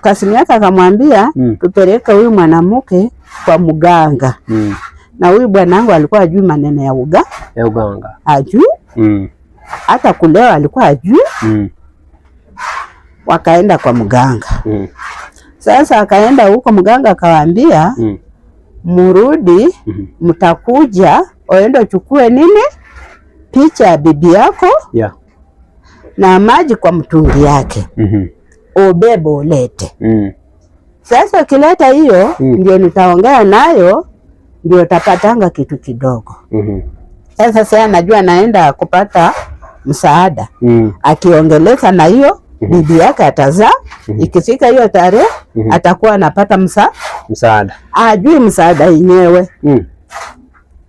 kasimiaka yake akamwambia mm. tupeleke huyu mwanamke kwa mganga mm. na huyu bwanangu alikuwa ajui maneno ya uga ya uganga ajui mm. hata kulewa alikuwa ajui mm. wakaenda kwa mganga mm. Sasa akaenda huko mganga akawaambia mm. murudi mm-hmm. mtakuja mm -hmm. oenda uchukue nini picha ya bibi yako yeah. na maji kwa mtungi yake mm -hmm ubebe ulete. mm. Sasa ukileta hiyo mm. ndio nitaongea nayo, ndio tapatanga kitu kidogo mm -hmm. Sasa sasa najua naenda kupata msaada mm. akiongeleza na hiyo mm -hmm. bibi yake atazaa mm -hmm. ikifika hiyo tarehe mm -hmm. atakuwa anapata msa msaada, ajui msaada yenyewe mm.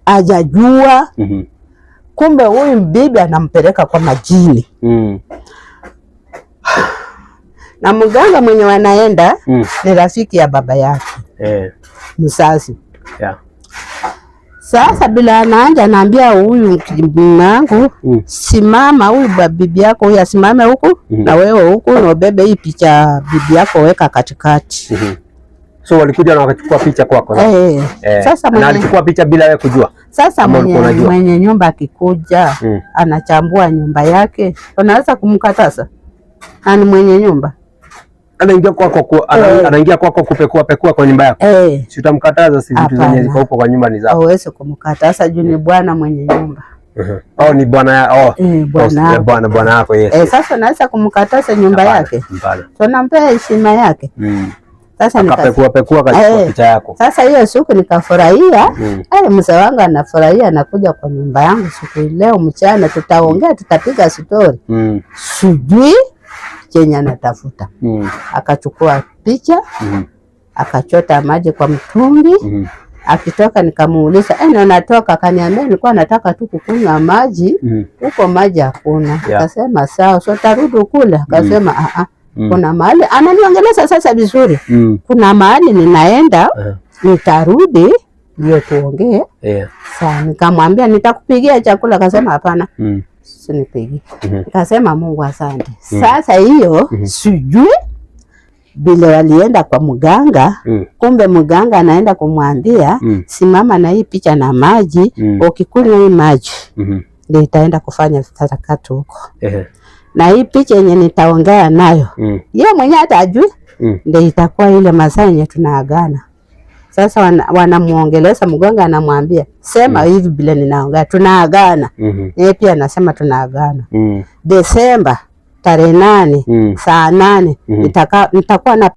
ajajua mm -hmm. kumbe huyu bibi anampeleka kwa majini mm na mganga mwenye wanaenda mm. ni rafiki ya baba yake eh. mzazi yeah. Sasa bila anaanja naambia huyu mwangu mm. simama, huyu bibi yako huyu asimame huku mm. na wewe huku na ubebe hii picha bibi yako weka katikati mm -hmm. So walikuja na wakachukua picha kwako kwa, eh, eh. Eh. Sasa mwenye... na alichukua picha bila wewe kujua. Sasa mwenye, mwenye nyumba akikuja mm. anachambua nyumba yake, unaweza kumkataza? ni mwenye nyumba anaingia kwako kwa, eh. anaingia kwako kupekua pekua kwa nyumba yako eh, si utamkataza? Si vitu zenye ziko huko kwa nyumba ni zako, huwezi kumkata. Sasa juu ni eh. bwana mwenye nyumba Uh oh, au ni bwana ya, oh, Eh, bwana bwana bwana yako yes. Eh, sasa naweza kumkataza nyumba yake, tunampea heshima yake mm. sasa nikapekua pekua kwa eh, picha yako. Sasa hiyo siku nikafurahia, Mm. Eh, mzee wangu anafurahia, anakuja kwa nyumba yangu siku leo mchana, tutaongea, tutapiga story. stori mm. sijui chenye anatafuta mm. Akachukua picha mm. Akachota maji kwa mtungi mm. Akitoka nikamuuliza ene, eh, natoka? Akaniambia nilikuwa nataka tu kukunywa maji mm-hmm. huko mm. Maji hakuna yeah. Akasema sawa, so tarudi kule. Akasema mm. a mm. kuna mahali ananiongeleza sasa vizuri mm. Kuna mahali ninaenda yeah. Nitarudi ndio tuongee yeah. Saa nikamwambia nitakupigia chakula, akasema hapana mm sinipigi mm -hmm. Mungu asante. mm -hmm. Sasa hiyo mm -hmm. sijui vile walienda kwa mganga mm. Kumbe mganga anaenda kumwambia mm. simama na hii picha na maji mm. ukikunywa hii maji mm -hmm. itaenda kufanya sarakati huko na hii picha yenye nitaongea nayo mm. mwenye mwenyewe atajui mm. ndio itakuwa ile masaa yenye tunaagana sasa wanamwongeleza wana mganga, anamwambia sema mm. hivi bila ninaongea tunaagana mm -hmm. Yeye pia anasema tunaagana mm. Desemba tarehe nane mm. saa nane mm -hmm. nitakuwa na